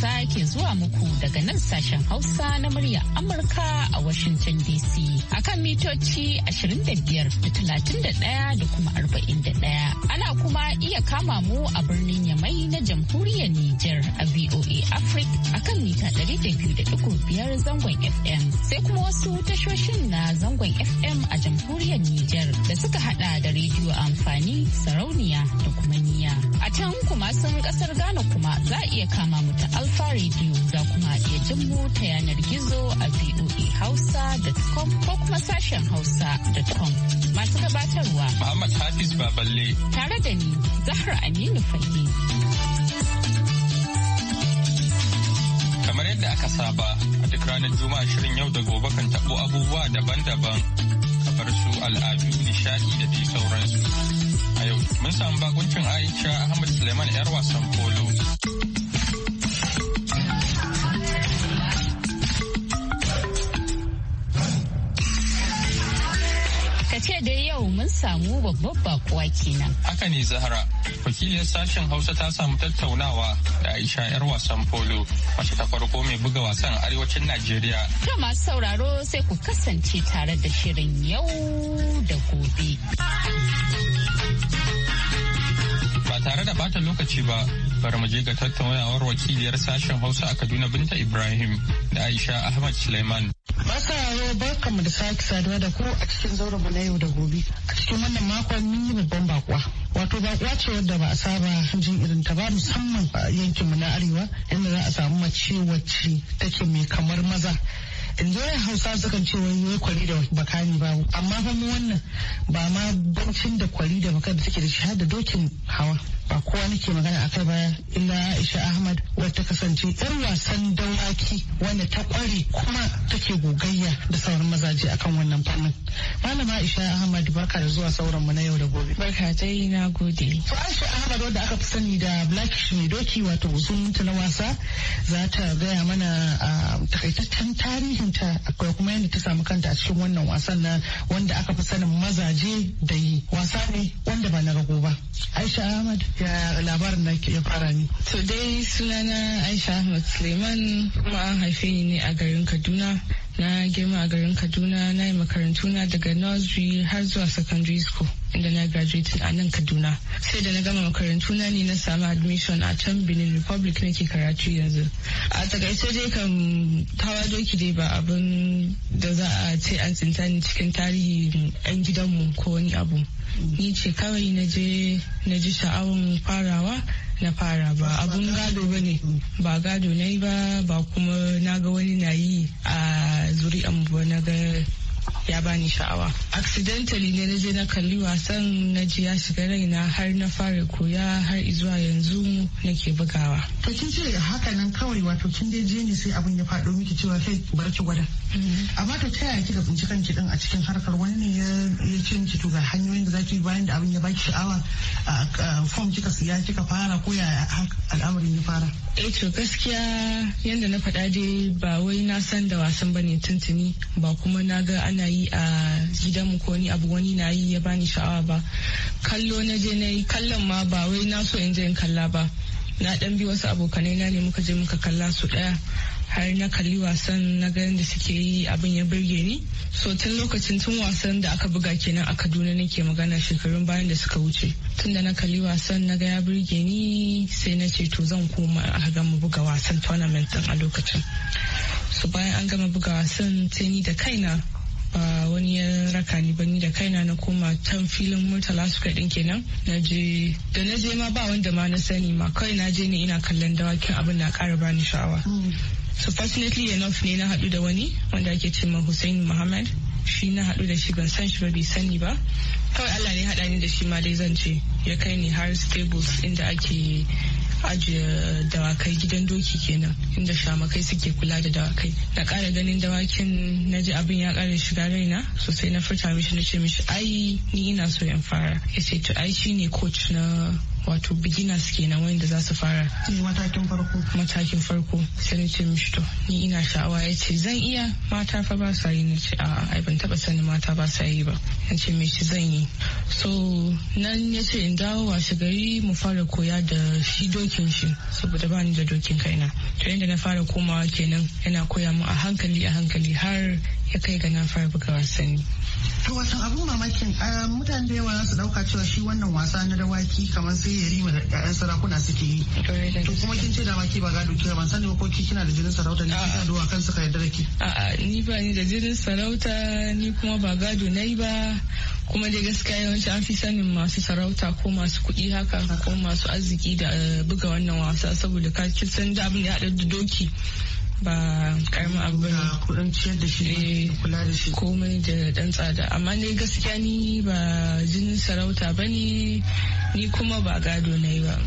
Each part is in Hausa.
sake zuwa muku daga nan sashen Hausa na murya Amurka a Washington DC. Akan mitoci 25 da da kuma 41. Ana kuma iya kama mu a birnin Yamai na jamhuriyar Nijar a VOA Africa akan mita 200.5 zangon FM. Sai kuma wasu tashoshin na zangon FM a jamhuriyar Nijar da suka hada da rediyo amfani sarauniya da kuma niya. A can kuma sun kasar Ghana kuma za a iya kama mu ta Alfa Radio za kuma iya jin ta yanar gizo a voahausa.com ko kuma sashen hausa.com. Masu gabatarwa. Muhammad Hafiz Baballe. Tare da ni Zahra Aminu Fahim. Kamar yadda aka saba a duk ranar Juma'a shirin yau da gobe kan tabo abubuwa daban-daban kamar su al'adu, nishadi da dai sauransu. yau mun samu bakuncin Aisha Ahmad Suleiman 'yar wasan polo. ce da yau mun samu babban bakuwa kenan. Haka ne Zahra, wakilin sashen Hausa ta samu tattaunawa da Aisha 'yar wasan polo, mace ta farko mai buga wasan arewacin Najeriya. Ga masu sauraro sai ku kasance tare da shirin yau da gobe. da bata lokaci ba bari mu je ga tattaunawar wakiliyar sashen Hausa a Kaduna Binta Ibrahim da Aisha Ahmad Suleiman. Masararo barka mu da sake saduwa da ku a cikin zauren mu na yau da gobe. A cikin wannan makon mun yi babban bakuwa. Wato bakuwa ce wadda ba a saba jin irin ta ba musamman a yankin mu na Arewa inda za a samu mace wacce take mai kamar maza. Injiyoyin Hausa sukan ce wani yi kwari da bakani ba amma fa mu wannan ba ma bancin da kwari da baka da suke da shi har da dokin hawa. ba kowa nake magana akai ba illa Aisha Ahmad wata kasance yar wasan dawaki wanda ta kware kuma take gogayya da sauran mazaje akan wannan fannin. Malama Aisha Ahmad barka da zuwa sauran mu na yau da gobe. Barka dai na gode. To Aisha Ahmad wadda aka fi sani da Black Shimidoki wato zumunta na wasa za ta gaya mana takaitaccen tarihinta akwai kuma yadda ta samu kanta a cikin wannan wasan na wanda aka fi sanin mazaje da yi wasa ne wanda ba na rago ba. Aisha Ahmad ya labarin da ke fara ni. To dai sunana Aisha Ahmad Suleiman kuma an haife ni a garin Kaduna. Na girma a garin Kaduna na yi makarantu na daga nursery har zuwa secondary school inda na graduate a nan Kaduna. Sai da na gama makarantu na ne na samu admission a can Benin Republic nake karatu yanzu. A takaice dai kan tawa doki dai ba abin da za a ce an tsinta ni cikin tarihin 'yan gidanmu ko wani abu. ni ce kawai na ji sha'awun farawa na fara ba abun gado ba ne ba gado na yi ba ba kuma na ga wani na yi a zuri'an ba na ga ya bani sha'awa accidentally ne na je na kalli wasan na ji ya shiga raina har na fara koya har izuwa yanzu nake bugawa to kin ce haka nan kawai wato kin dai je ne sai abin ya faɗo miki cewa kai bar ki gwada mm-hmm. amma to ta yaya kika tsinci kanki din a cikin harkar wani ne ya ce miki to ga hanyoyin da zaki bayan da abin ya baki sha'awa a form kika siya kika fara ko ya al'amarin ya fara eh to gaskiya yadda na faɗa dai ba wai na san da wasan bane tuntuni ba kuma na ga ana yi a gidanmu ko ni abu wani na yi ya bani sha'awa ba kallo na je na yi kallon ma ba wai na so in je in kalla ba na ɗan bi wasu abokanai na ne muka je muka kalla su ɗaya har na kalli wasan na ganin da suke yi abin ya birge ni so tun lokacin tun wasan da aka buga kenan a kaduna nake magana shekarun bayan da suka wuce tun da na kalli wasan na ga ya birge ni sai na ce to zan koma a ga mu buga wasan tournament din a lokacin so bayan an gama buga wasan sai ni da kaina ba wani ya raka ni ba ni da kaina na koma can filin murtala suka din kenan na je da na je ma ba wanda ma na sani ma kawai na je ne ina kallon dawakin abin na kara bani sha'awa so fortunately enough ne na haɗu da wani wanda ake ce ma Hussein Muhammad shi na haɗu da shi ban san shi ba bai sani ba kawai Allah ne haɗa ni da shi ma dai zan ce ya kai ni har stables inda ake ajiye dawakai gidan doki kenan inda shamakai suke kula da dawakai na kara ganin dawakin na ji abin ya kara shiga raina sosai na furta mishi na ce mishi ai ni ina so in fara ya ce to ai shine coach na wato beginners kenan wanda za su fara matakin farko matakin farko sai ce mishi ni ina sha'awa ya ce zan iya mata fa ba sa yi na ce a ban taba sani mata ba sa yi ba ya ce mishi zan yi so nan ya ce in dawo a gari mu fara koya da shi dokin shi saboda ba ni da dokin kai na to yadda na fara komawa kenan yana koya mu a hankali a hankali har ya kai ga na fara buga wasanni to wasan abun mamakin eh, mutane da yawa za su dauka cewa shi wannan wasa na dawaki kamar su yarima ya da ƴaƴan sarakuna suke yi to kuma kin ce dama ki ba gado kira ban sani ba ko ki kina da jinin sarauta ne kina duwa kan suka yarda da ki a'a ni ba ni da jinin sarauta ni kuma ba gado yi ba kuma dai gaskiya yawanci an fi sanin masu sarauta ko masu kuɗi haka ko masu arziki da eh, buga wannan wasa saboda ka san da abin ya haɗa da doki ba karamin abu ba kudin ciyar da shi eh, kula da shi komai da dan tsada amma ne gaskiya ni ba jinin sarauta ba ne ni kuma ba gado na yi ba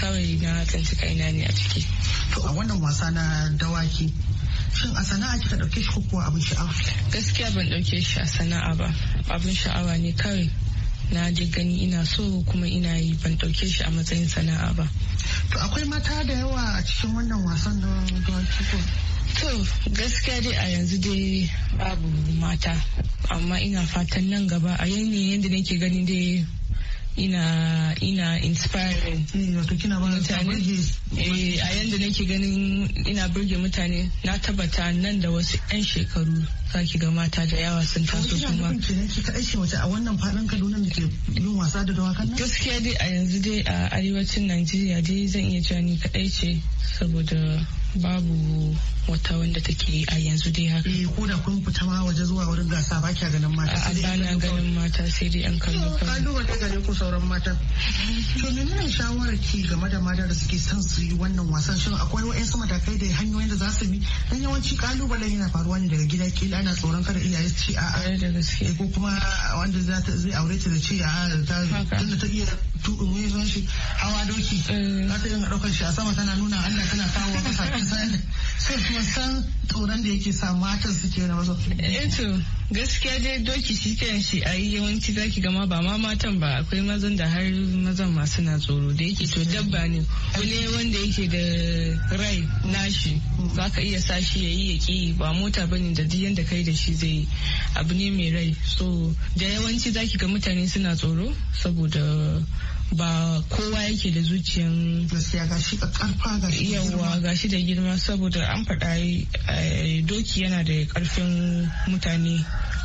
kawai na tsanci kaina ne a ciki to a wannan wasa na dawaki shin a sana'a kika dauke shi ko kuwa abin sha'awa gaskiya ban dauke shi a sana'a ba abin sha'awa ne kawai na je gani ina so kuma ina yi ban ɗauke shi a matsayin sana'a ba. To akwai mata da yawa a cikin wannan wasan da ko? To gaskiya dai a yanzu dai babu mata amma ina fatan nan gaba a yanayin yadda nake gani dai ina ina inspiring eh, eh, a yadda nake ganin ina burge mutane na tabbata nan da wasu 'yan shekaru sa ki ga mata da yawa sun taso kuma. ki kaɗai ce wace a wannan faɗin Kaduna da ke yin wasa da dawakan nan? Gaskiya dai a yanzu dai a arewacin Najeriya dai zan iya cewa ni kadai ce saboda babu wata wanda take a yanzu dai haka. Eh ko da kun fita ma waje zuwa wurin gasa ba kya ganin mata. A bana ganin mata sai dai an kallo kan. Kallo wata gare ku sauran mata. To menene shawarar ki game da mata da suke son su yi wannan wasan shin akwai wa'ansu matakai da hanyoyin da za su bi dan yawanci kalubalen yana faruwa ne daga gida kila ana tsoron kada iyaye su ci a da ko kuma wanda zai aure ta da a a ta tunda ta iya tuɗin wani shi hawa doki eh. za ta iya ɗaukar shi a sama tana nuna Allah tana kawo wa kasa sai kuma san tsoron da yake sa matan su ke na wasu. Eto eh gaskiya dai doki shi kan shi a yi yawanci zaki gama ba ma matan ba akwai mazan da har mazan masu na tsoro da yake to dabba ne wani wanda yake da rai nashi ka iya sashi ya yi ya ki ba mota bane da duk yanda kai da shi zai abu ne mai rai so da yawanci zaki ga mutane suna tsoro saboda ba kowa yake da zuciyan yawa gashi karfa da girma saboda an faɗa eh, doki yana da karfin mutane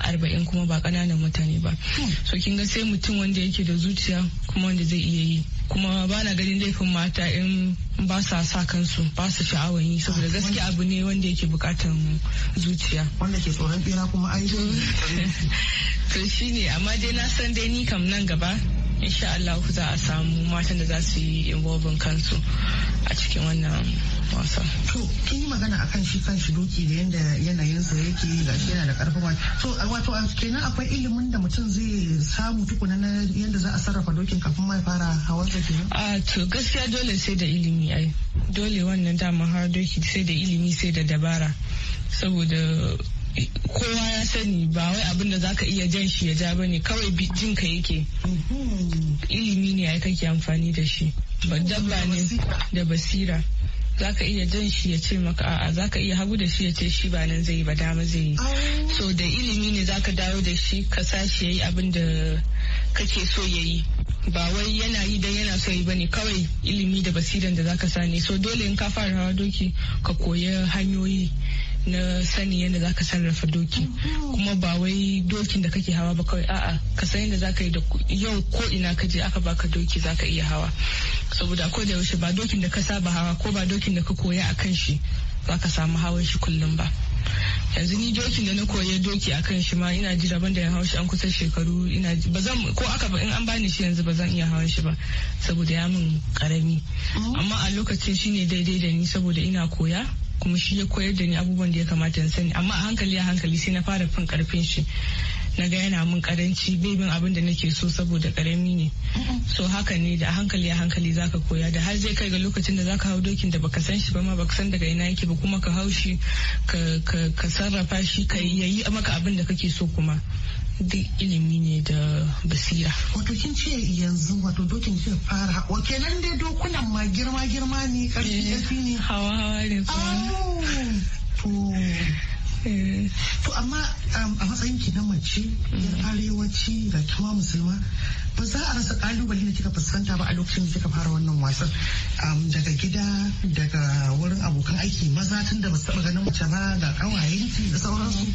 arba'in kuma ba ƙananan mutane ba hmm. so kin ga sai mutum wanda yake da zuciya kuma wanda zai iya yi kuma ba na ganin laifin mata in ba sa sa kansu ba su sha'awar yi saboda gaskiya abu ne wanda yake bukatan zuciya wanda ke tsoron bera kuma ai to shine amma dai na san dai ni kam nan gaba insha Allah za a samu matan da za su yi involving kansu a cikin wannan wasan. To, kin yi magana a kan shi kan shi doki da yanda yanayinsa yake ga shi yana da karfin wani. To, wato kenan akwai ilimin da mutum zai samu tukuna na yadda za a sarrafa dokin kafin mai fara hawan da kenan? A to gaskiya dole sai da ilimi ai. Dole wannan dama har doki sai da ilimi sai da dabara. Saboda kowa ya sani ba wai abin da zaka iya jan shi ya ja ba ne kawai jin ka yake ilimi ne ya kake amfani da shi ba dabba ne da basira zaka iya jan shi ya ce maka a'a zaka iya hagu da shi ya ce shi ba nan zai yi ba dama zai yi so da ilimi ne zaka dawo da shi ka sashi yayi abin da kake so ya yi ba wai yana yi dan yana so yi ba ne kawai ilimi da basiran da zaka sani so dole in ka fara hawa doki ka koya hanyoyi na sani yadda za ka sarrafa doki kuma ba wai dokin da kake hawa ba kawai a'a ka san yadda za ka yi da yau ko ina ka je aka baka doki za ka iya hawa saboda ko da yaushe ba dokin da ka saba hawa ko ba dokin da ka koya a kan shi za ka samu hawan shi kullum ba yanzu ni dokin da na koya doki a kan shi ma ina ji daban da ya haushi an kusa shekaru ina ji bazan ko aka in an bani shi yanzu ba zan iya hawan shi ba saboda ya min karami mm. amma a lokacin shine daidai da ni saboda ina koya kuma shi ya koyar da ni abubuwan da ya kamata in sani amma a hankali a hankali sai na fara fin karfin shi na ga yana min karanci bebin abin da nake so saboda karami ne so haka ne da hankali a hankali zaka koya da har zai kai ga lokacin da zaka hau dokin da baka san shi ba ma baka san daga ina yake ba kuma ka hau shi ka sarrafa shi ka yayi maka abin da kake so kuma duk ilimi ne da basira. Wato kin ce yanzu wato dokin ce fara hawa kenan dai dokunan ma girma girma ne karfi karfi eh, ne. Hawa hawa ne kuma. To amma um, a matsayin ki na mace yan mm. arewaci ga kuma musulma ba za a rasa kalubale da kika fuskanta ba a lokacin da kika fara wannan wasan um, daga gida daga wurin abokan aiki maza tun da ba su taba ganin mace ba ga kawayen ki da sauransu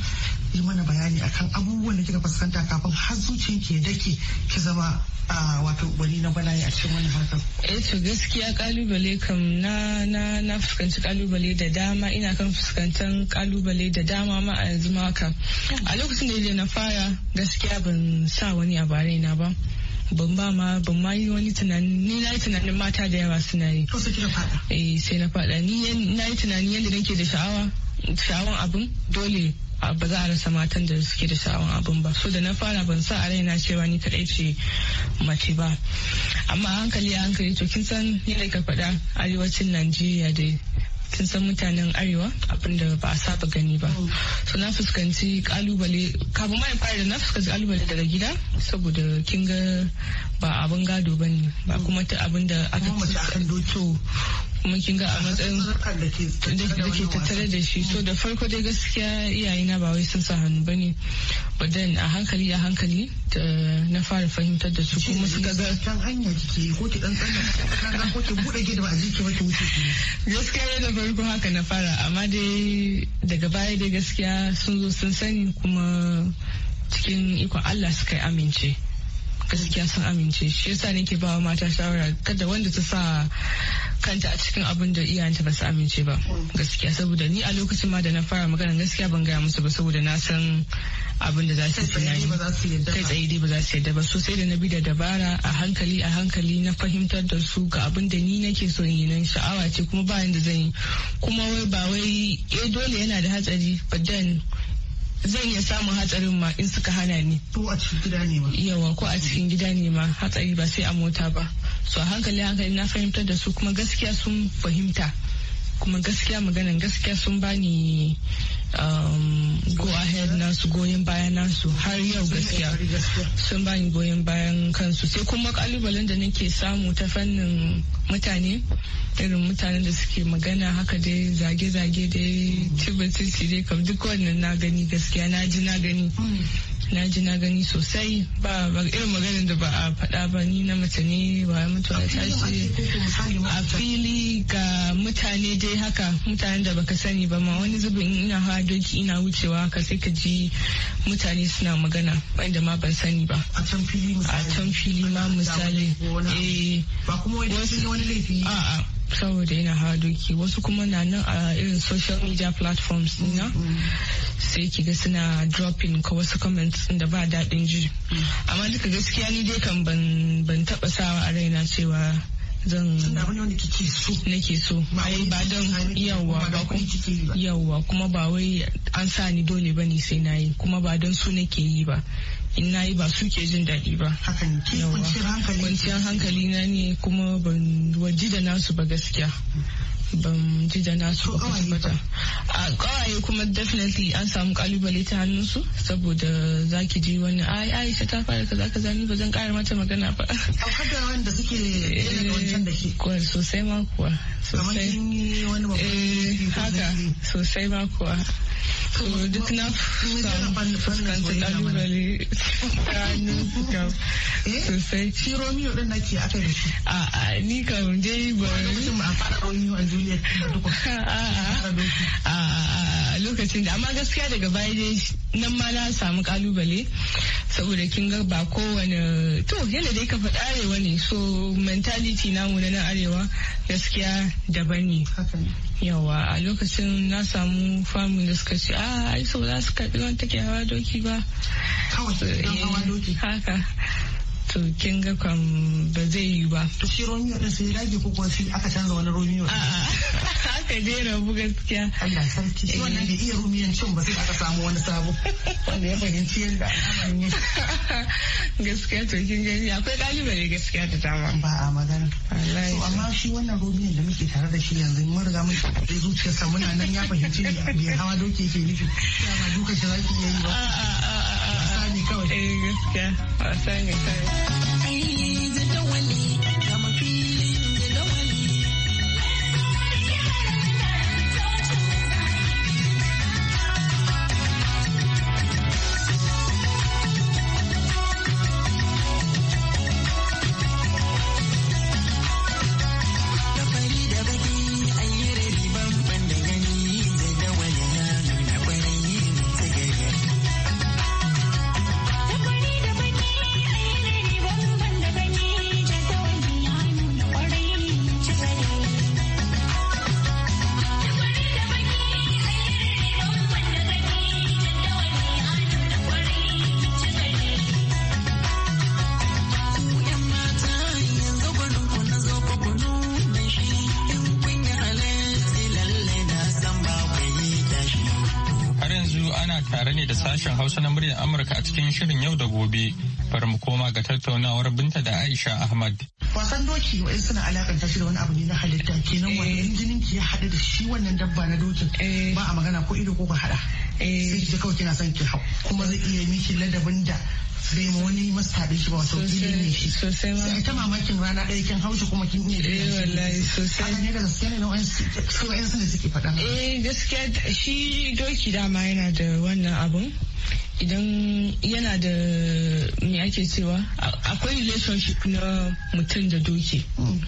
yi mana bayani akan abubuwan da kika fuskanta kafin har zuciyar ke dake ki zama a wato wani na bala'i a cikin wannan harkar. Eh to gaskiya kalubale kam na na na fuskanci kalubale da dama ina kan fuskantar kalubale da dama ma a yanzu ma A lokacin da na fara gaskiya ban sa wani a na ba. ban ba ma ban ma yi wani tunani ni na yi tunanin mata da yawa suna yi. Ko suke fada. Eh sai na fada ni na yi tunanin yadda nake da sha'awa sha'awan abin dole ba za a rasa matan da suke da sha'awan abin ba so da na fara ban sa a raina cewa ni kadai ce mace ba amma hankali a hankali to kin san ni da ka faɗa arewacin najeriya da kin san mutanen arewa abinda ba a saba gani ba so na fuskanci kalubale kafin ma fara na fuskanci kalubale daga gida saboda kin ga ba abin gado ba ne ba kuma ta abin da aka ci kuma kin ga a matsayin da ke tattare da shi so da farko dai gaskiya na ba wai sun sa hannu ba ne but then a hankali a hankali na fara fahimtar da su kuma su ga kan hanya kike ko ki dan tsalla ko ki bude gida ba a jiki ba ki wuce gaskiya da farko haka na fara amma dai daga baya dai gaskiya sun zo sun sani kuma cikin ikon Allah suka yi amince gaskiya sun amince shi yasa ke bawa mata shawara kada wanda ta sa kanta a cikin abin da iyayenta ba su amince ba gaskiya saboda ni a lokacin ma da na fara magana gaskiya ban gaya musu ba saboda na san abin da za su yi kai tsaye dai ba za su yadda ba so sai da na bi da dabara a hankali a hankali na fahimtar da su ga abin da ni nake son yi nan sha'awa ce kuma ba yanda zan yi kuma wai ba wai eh dole yana da hatsari but then zan iya samun hatsarin ma in suka hana ni ko a cikin gida ne ma yawa ko a cikin gida ne ma hatsari ba sai a mota ba so a hankali hankali na fahimtar da su kuma gaskiya sun fahimta kuma gaskiya maganan gaskiya sun bani um, go ahead nasu goyon bayan nasu har yau gaskiya sun bani goyon bayan kansu sai kuma kalubalen da nake samu ta fannin mutane irin mutanen da suke magana haka dai zage-zage dai cibitin dai kam duk wannan na gani gaskiya na ji na gani na ji na gani sosai ba irin maganin da ba a faɗa ba ni na mace ne ba mutu a tashi a fili ga mutane dai haka mutanen da baka sani ba ma wani zubin ina hawa doki ina wucewa ka sai ka ji mutane suna magana wanda ma ban sani ba a can fili ma misali eh, saboda yana hawa doki wasu kuma na nan a irin social media platforms na mm, mm. sai ga suna dropping ka wasu comments da ba daɗin ji mm. amma duka gaskiya ni dai kan ban taɓa sawa a raina cewa zan nake so ba don yawa ba yawa kuma ba wai an sa ni dole ba ne sai na yi kuma ba don su nake yi ba in na yi ba su ke jin daɗi ba yawa kwanciyar hankali na ne kuma ban waji da nasu ba gaskiya ban ji da na su ba kwata a kawaye kuma definitely an samu kalubale ta hannunsu saboda za ki ji wani ai ai ta ta fara kaza kaza ni ba zan kara mata magana ba da wanda suke wancan da shi eh, kuwa sosai ma kuwa sosai eh, haka sosai ma kuwa so duk na fuskanta kalubale ta hannun sosai shi romeo din nake aka da shi a a ni kam dai ba lokacin ba a fara romeo and juliet duka a a lokacin da amma gaskiya daga baya dai nan ma na samu kalubale saboda kin ga ba kowane to yadda dai ka faɗa arewa ne so mentality namu na nan arewa gaskiya daban ne yawa a lokacin na samu famu da suka ce a ah, ai so za su karɓi wani take hawa doki ba kawai don hawa doki eh, haka to kin ga kam ba zai yi ba to shi romiyo ɗin sai rage ko kuma sai aka canza wani romeo a'a aka je rabu gaskiya Allah sarki shi wannan bai iya romiyon cin ba sai aka samu wani sabo wanda ya fahimci yadda al'amarin ne. gaskiya to kin gani akwai kalibare gaskiya da dama ba a magana to amma shi wannan romiyon da muke tare da shi yanzu mun riga mun zai zuciyarsa muna nan ya fahimci ne biyar hawa doki ke nufi ya ba duka shi zaki iya yi ba kawai eh gaskiya wasa ne kawai yanzu ana tare ne da sashen Hausa na muryar Amurka a cikin shirin yau da gobe. Bari mu koma ga tattaunawar Binta da Aisha Ahmad. Wasan doki wa'in suna alakanta shi da wani abu ne na halitta kenan wannan eh. jinin ki ya haɗu da shi wannan dabba na dokin eh. ba a magana ko ido ko ka haɗa. Eh. Sai ki kawai kina son ki hau kuma zai iya miki ladabin da zai ma wani masabi shi ba wato gini ne shi sosai ma sai ta mamakin rana ɗaya kin haushi kuma kin ne eh wallahi sosai ne da gaskiya ne nau'in su wa'in su ne suke faɗa eh gaskiya shi doki dama yana da wannan abun idan yana da me ake cewa akwai relationship na mutum da doki hmm.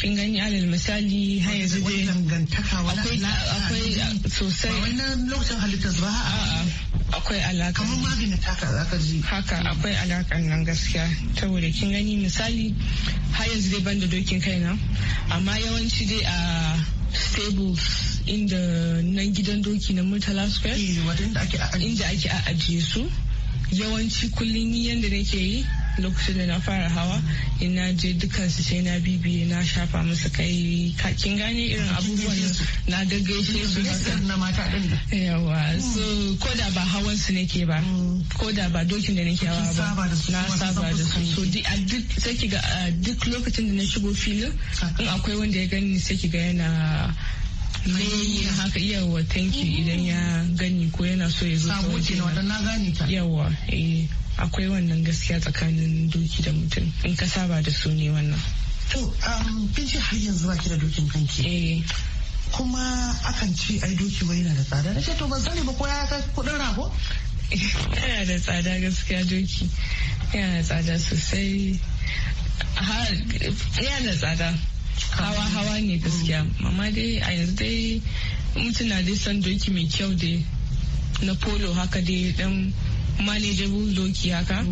kin gani alal misali har yanzu dai akwai sosai wannan lokacin halittar ba akwai alaka kamar magani taka zaka ji haka akwai alaka nan gaskiya saboda kin gani misali har yanzu dai banda dokin na amma yawanci dai a stables inda nan gidan doki na murtala square eh, inda ake a ajiye su yawanci kullum yadda nake yi lokacin da na fara hawa ina je su sai na bibiye na shafa musu kai kakin gane irin abubuwan na gaggaishe su yawa so ko ba hawan su nake ba mm. ko ba dokin da nake hawa ba na saba da su so a duk sai ga duk lokacin da na shigo filin in akwai wanda ya gani sai ga yana haka yawa thank you idan ya gani ko yana so ya zo sabo ke na gani ta yawa eh akwai wannan gaskiya tsakanin doki da mutum in ka saba da su ne wannan to um, kin ce har yanzu ba ki da dokin kanki eh kuma akan ce ai doki wai yana da tsada na ce to ban sani ba ko ya kai kudin rago yana da tsada gaskiya doki yana da tsada sosai yana da tsada hawa hawa ne gaskiya amma dai a yanzu dai mutum na dai son doki mai kyau dai na polo haka dai dan manageable doki haka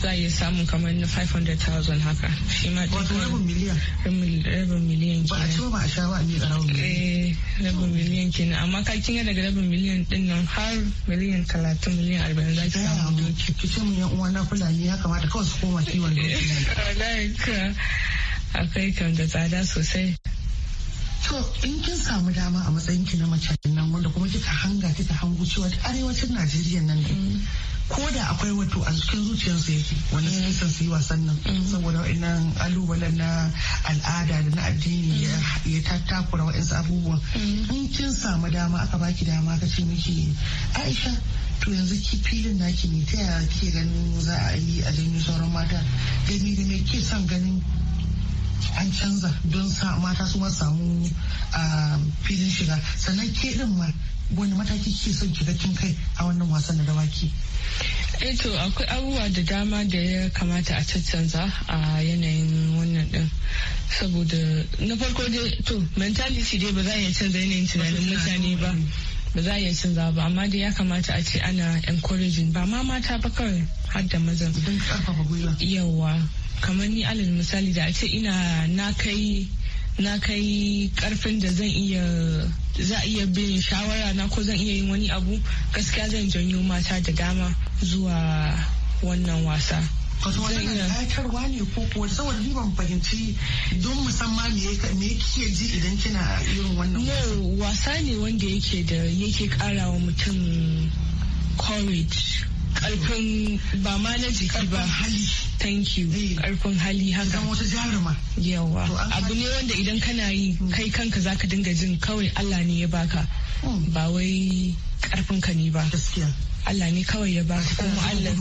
za a iya samun kamar na 500,000 haka shi ma wato rabin miliyan rabin miliyan ba a ci ba a sha ba a miƙa rabin miliyan eh rabin miliyan kenan amma ka kinga daga rabin miliyan din nan har miliyan 30 miliyan 40 za ki samu doki ki ce mun yan uwa na fulani ya kamata kawai su koma kiwon doki wallahi akwai kan da tsada sosai to in kin samu dama a matsayin ki na mace nan wanda kuma kika hanga kika hango cewa arewacin najeriya nan ne mm. ko da akwai wato a cikin zuciyarsu yake wani sun san su yi wasan nan mm. saboda wa'annan alubalen na al'ada da na addini ya mm. tattakura wa'insu abubuwan in kin samu dama aka baki dama ka ce miki aisha to yanzu ki filin naki ne ta yaya ke ganin za a yi a janyo sauran mata gani da me ke son ganin an canza don mata su ma samu filin shiga sannan ke din ma wani mataki ke son shiga kin kai a wannan wasan na dawaki eh to akwai abubuwa da dama da ya kamata a caccanza a yanayin wannan din saboda na farko dai to mentality dai ba za a iya canza yanayin tunanin mutane ba ba za a iya canza ba amma dai ya kamata a ce ana encouraging ba ma mata ba kawai har da mazan yawa kamar ni alal misali da a ce ina na kai na kai karfin da zan iya za iya bin shawara na ko zan iya yin wani abu gaskiya zan janyo mata da dama zuwa wannan wasa wato wannan kayatarwa ne ko ko saboda ni ban fahimci don musamman me kike ji idan kina irin wannan wasa ne wanda yake da yake kara wa mutum courage karfin ba ma na jiki ba hali thank you eh. karfin hali haka wata jaruma yawa abu ne wanda idan kana yi hmm. kai kanka zaka dinga jin kawai Allah ne ya baka hmm. ba wai karfin ka ne ba gaskiya Allah ne kawai ya baka kuma Allah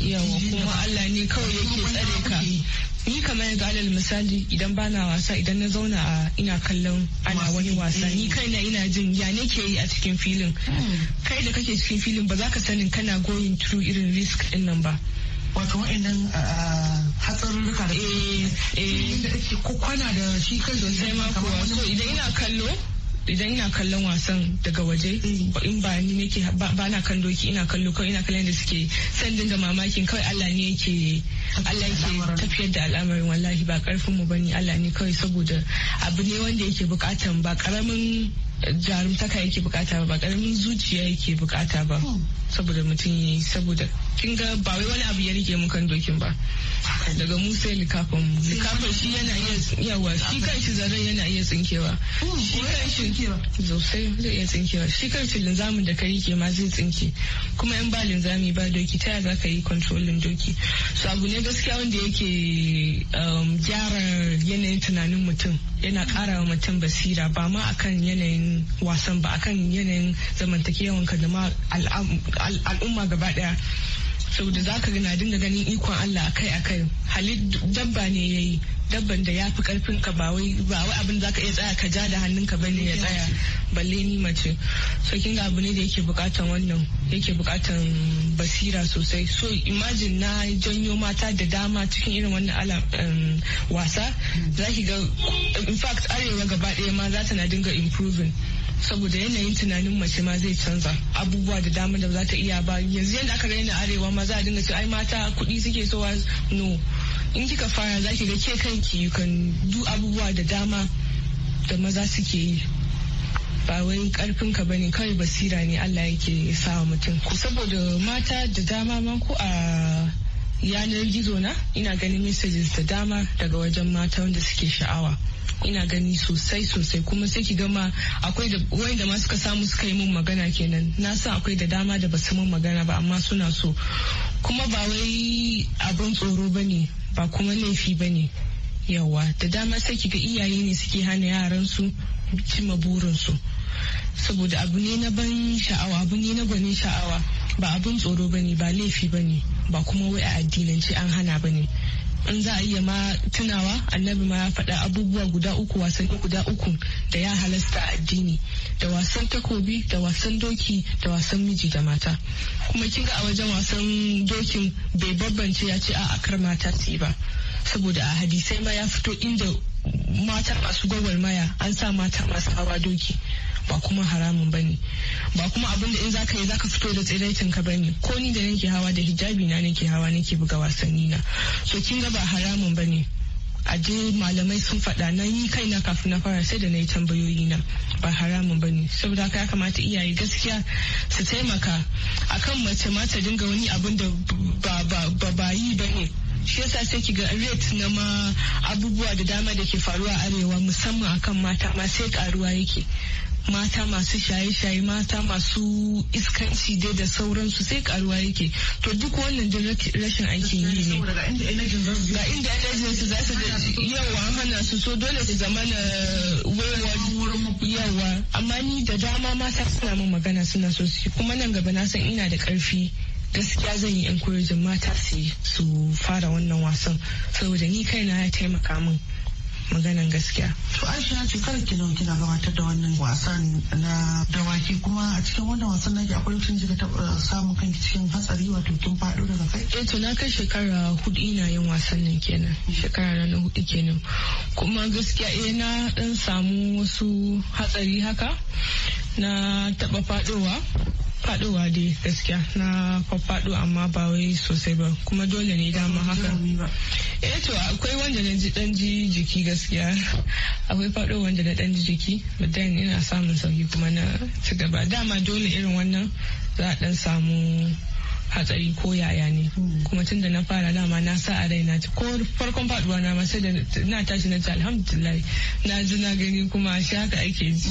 yawa kuma Allah ne kawai yake tsare ka ni kamar yanzu alal misali idan bana wasa idan na zauna a ina kallon ana wani wasa ni mm. na ina jin ya ne ke yi a cikin filin mm. kai da kake cikin filin ba za ka sanin kana going through irin risk din nan ba wato wa'annan hatsarurruka da ke eh, da kake eh. kwana da shi kan da sai ma kuwa so idan ina kallo idan ina kallon wasan daga waje in ba ni nake ba na kan doki ina kallo kawai ina kallon da suke sandin da mamakin kawai Allah ne yake Allah yake tafiyar da al'amarin wallahi ba karfin mu bane Allah ne kawai saboda abu ne wanda yake bukatan ba karamin jarumtaka yake bukata ba karamin zuciya yake bukata ba hmm. saboda mutum yi saboda kin ga ba wai wani abu ya rike mu kan dokin ba daga mu sai likafin mu likafin shi yana iya yawa shi shi zarar yana iya tsinkewa hmm, shi kanshi sosai zai iya tsinkewa shi kanshi linzamin da ka rike ma zai tsinke kuma in ba linzami ba doki ta za ka yi kontrolin doki so abu ne gaskiya wanda yake um, gyara yanayin tunanin mutum yana kara wa mutum basira ba ma akan yanayin wasan ba akan yanayin zamantakewanka da ma al'umma gaba daya saboda za ka na dinga ganin ikon Allah akai akai halit dabba ne yayi dabban da ya fi karfin ka ba wai ba wai abin za ka iya tsaya ka ja da hannun ka bane ya tsaya balle ni mace so kin abu ne da yake bukatan wannan yake bukatan basira sosai so imagine na janyo mata da dama cikin irin wannan ala wasa za ga in fact arewa gaba daya ma za ta na dinga improving saboda yanayin tunanin mace ma zai canza abubuwa da dama da za ta iya ba yanzu yadda aka raina arewa ma za a dinga ce ai mata kuɗi suke so no in kika fara za ki ga ke kanki kan du abubuwa da dama da maza suke yi ba wai karfin ka bane kawai basira ne Allah yake sa mutum ku saboda mata da dama man ku a yanar gizo na ina ganin messages da dama daga wajen mata wanda suke sha'awa ina gani sosai sosai kuma sai ki gama akwai da wanda ma suka samu suka yi mun magana kenan na san akwai da dama da basu mun magana ba amma suna so kuma ba wai abin tsoro ba ne ba kuma laifi ba ne yawa da dama sai ki ga iyaye ne suke hana yaran su cimma burin su saboda abu ne na ban sha'awa abu ne na gwanin sha'awa ba abun tsoro ba ne ba laifi ba ne ba kuma wai a addinance an hana ba ne. in za a iya ma tunawa annabi ma ya faɗa abubuwa guda uku wasanni guda uku da ya halasta addini da wasan takobi da wasan doki da wasan miji da mata kuma kinga a wajen wasan dokin bai bambance ya ce a akar mata su ba saboda a hadisai ma ya fito inda mata masu gwagwarmaya an sa mata masu hawa doki ba kuma haramun ne ba kuma abin da in zaka yi zaka fito da tsiraitin ka bane ko ni da nake hawa da hijabi na nake hawa nake buga wasanni na so kin ga ba haramun ne a je malamai sun faɗa na yi na kafin na fara sai da na yi tambayoyi na ba haramun ne saboda haka ya kamata iyaye gaskiya su taimaka akan mace ma ta dinga wani abin da ba ba yi ba ne shi yasa sai ki ga rate na ma abubuwa da dama da ke faruwa arewa musamman akan mata ma sai karuwa yake mata masu shaye-shaye mata masu iskanci dai da sauransu sai karuwa yake to duk wannan da rashin aikin yi ne ga inda energy su za su yawa hana su so dole su zama na yawa amma ni da dama mata suna min magana suna so su kuma nan gaba na san ina da karfi gaskiya zan yi encouraging mata su fara wannan wasan saboda ni kaina ya taimaka min maganan gaskiya. To Aisha ce kada ki nau kina gabatar da wannan wasan na dawaki kuma a cikin wannan wasan nake akwai tun jika ta eh, samun kanki cikin hatsari wato kin faɗo daga kai. Eh to na kai shekara hudu ina yin wasan nan kenan shekara na hudu kenan kuma gaskiya eh na dan samu wasu hatsari haka na taɓa faɗowa faduwa dai gaskiya na faɗo amma ba wai sosai ba kuma dole ne dama haka eh to akwai wanda na ji dan ji jiki gaskiya akwai faɗo wanda na dan ji jiki dan ina samun sauki kuma na ci gaba dama dole irin wannan za a dan samu hatsari ko yaya ne kuma tun da na fara dama na sa a raina ko farkon faduwa na sai da na tashi na ci alhamdulillah na ji na gani kuma shi haka ake ji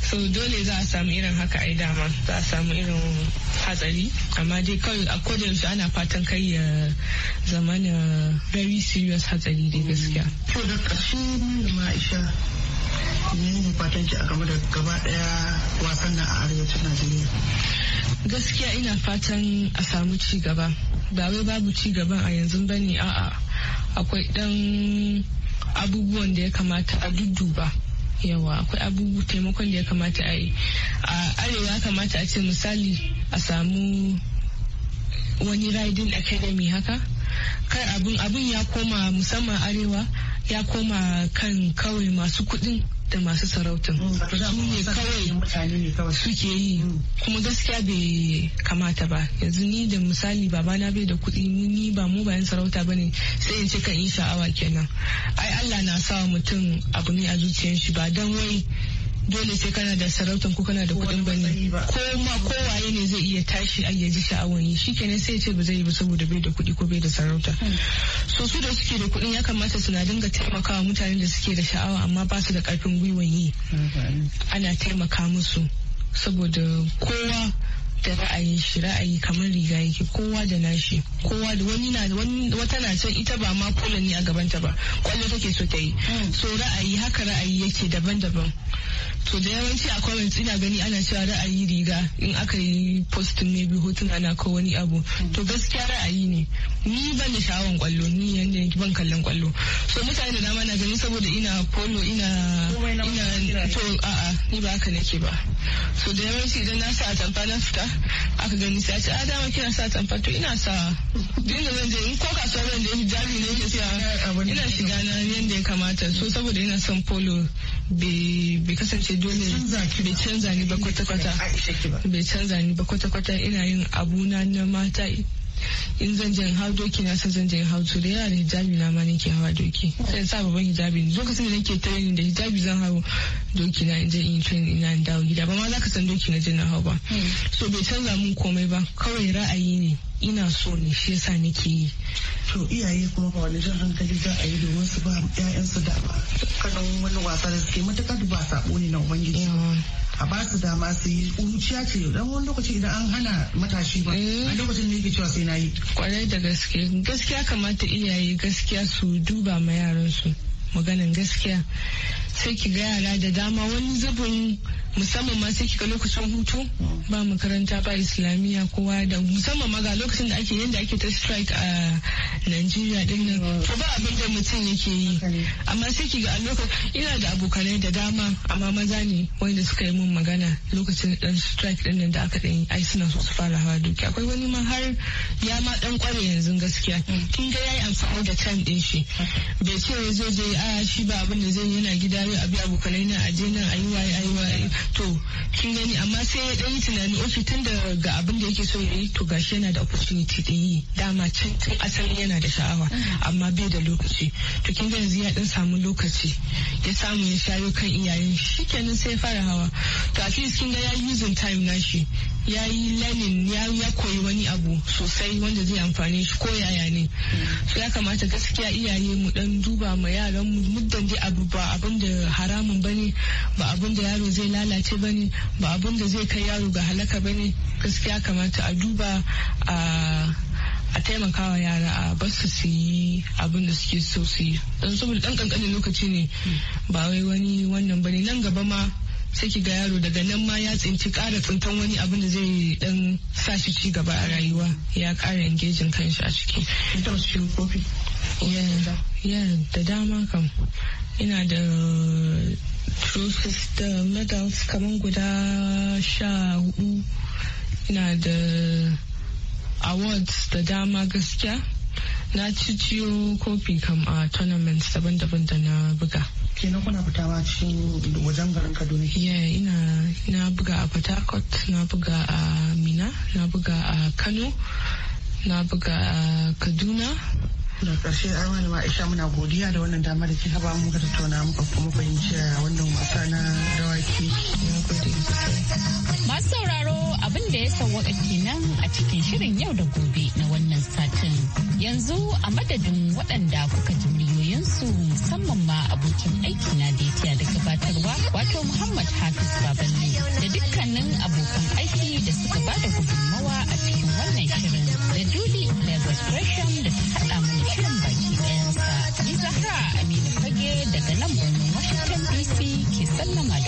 so dole za a samu irin haka ai dama za a samu irin hatsari amma dai kawai a kodin yaushe ana fatan kai ya zama na very serious hatsari dai gaskiya menene fatan ki a game da gaba daya wasan nan a arewacin Najeriya? Gaskiya ina fatan a samu ci gaba. Ba wai babu ci gaba a yanzu bane a'a akwai dan abubuwan da ya kamata a dudduba. yawa akwai abubuwa taimakon da ya kamata a yi a arewa kamata a ce misali a samu wani riding academy haka kar abun abun ya koma musamman arewa ya koma kan kawai masu kudin da masu sarautun. Mm, su kawai suke yi mm. kuma gaskiya bai kamata ba yanzu ni da misali babana bai da kuɗi ni ba mu bayan sarauta ne sai in ce kan yi sha'awa kenan ai Allah na sa mutum abu ne a zuciyar shi ba dan wai dole sai kana da sarauta ko kana da kuɗin bane ko ma kowaye ne zai iya tashi a yaji sha'awan yi shi kenan sai ya ce ba zai yi ba saboda bai da kuɗi ko bai da sarauta hmm. so su da suke da kuɗin ya kamata su na dinga taimakawa mutanen da suke da sha'awa amma ba su da ƙarfin gwiwan yi ana taimaka musu saboda kowa da ra'ayin shi ra'ayi kamar riga yake kowa da nashi kowa da wani na wani wata na son ita ba ma kula ne a gabanta ba kwallo take so ta yi mm. so ra'ayi haka ra'ayi yake daban-daban to da yawanci a comments ina gani ana cewa ra'ayi riga in aka yi postin ne bi hotun ana ko wani abu mm. to gaskiya ra'ayi ne ni ban da sha'awan kwallo ni yanda ban kallon kwallo so mutane da dama na gani saboda ina polo ina ina to a'a ni ba haka nake ba so da yawanci idan na sa a na fita aka gani sai a ce a ah, dama kina sa tamfa to ina sa duk da zan je in ko kasuwa zan je hijabi ne ke siya ina shiga na yadda ya kamata so saboda ina son polo bai kasance dole bai canza ni ba kwata-kwata bai canza ni ba kwata-kwata ina yin abuna na mata in zan je hau doki na san zan je hau to da yawa da hijabi na ma nake hawa doki sai sa babban hijabi lokacin da nake training da hijabi zan hau doki na in je in training ina dawo gida ba ma za ka san doki na je na hau ba hmm. so bai canza mun komai ba kawai ra'ayi ne ina so ne shi yasa nake yi to iyaye kuma ba wani jan hankali za a yi domin su ba 'ya'yansu ba kanan wani wasa da suke matakar ba sabo ne na ubangiji a ba su dama su yi kuruciya ce dan wani lokaci idan an hana matashi ba eh. a lokacin ne yake cewa sai na yi kwarai da gaske gaskiya kamata iyaye gaskiya su duba ma yaran su maganin gaskiya sai ki ga yara da dama wani zubin musamman ma sai kika lokacin hutu ba makaranta ba islamiyya kowa da musamman ma ga lokacin da ake da ake ta strike a Najeriya din nan to ba abin da mutum yake yi amma sai ki ga a lokacin ina da abokanai da dama amma maza ne wanda suka yi mun magana lokacin dan strike din nan da aka dan ai suna so su fara hawa duki akwai wani ma har ya ma dan kware yanzu gaskiya mm. kin ga yayi amfani da time din shi bai ce zai je a ah, shi ba abin da zai yana gida wai abi abokanai na aje nan ayi waye ayi waye to kin gani amma sai ya dan yi tunani ofi tun da ga abin da yake so ya yi to gashi yana da opportunity da yi dama can tun asali yana da sha'awa amma bai da lokaci to kin gani yanzu ya dan samu lokaci ya samu ya shayo kan iyayen shi kenan sai fara hawa to at least kin ga ya using time nashi ya yi lenin ya koyi wani abu sosai wanda zai amfani shi ko yaya ne su ya kamata gaskiya iyaye mu dan duba ma yaran mu muddan dai abu ba abin da haramun bane ba abin da yaro zai lalace bane ba abin da zai kai yaro ga halaka bane gaskiya kamata a duba a a taimakawa yara a bar su yi abin da suke so su yi don saboda dan kankanin lokaci ne ba wai wani wannan bane nan gaba ma sai ki ga yaro daga nan ma ya tsinci kara tsintan wani abin da zai dan sa shi ci gaba a rayuwa ya kara engejin kanshi a ciki. Ita wasu kofi. Ya da dama kam. Ina da trophies da medals kamar guda sha hudu. Ina da awards da dama gaskiya. na ci ciyo kofi kam a tournaments daban-daban da na buga kenan kuna fitawa cikin wajen garin kaduna yeah ina na buga a port na buga a mina na buga a kano na buga a kaduna da ƙarshe arwani ma isha muna godiya da wannan dama da kika ba muka tattauna muka kuma fahimci wannan wasa na dawaki masu sauraro abin da ya sauwaka kenan a cikin shirin yau da gobe na wannan satin Yanzu a madadin waɗanda kuka ji muryoyinsu musamman ma abokin aiki na da ya da gabatarwa wato Muhammad Hafiz Baballe da dukkanin abokan aiki da suka ba da gudunmawa a cikin wannan shirin da Julie Lagos Gresham da ta haɗa mana shirin baki ɗayansa. Ni Zahra Aminu Fage daga nan birnin Washington DC ke sallama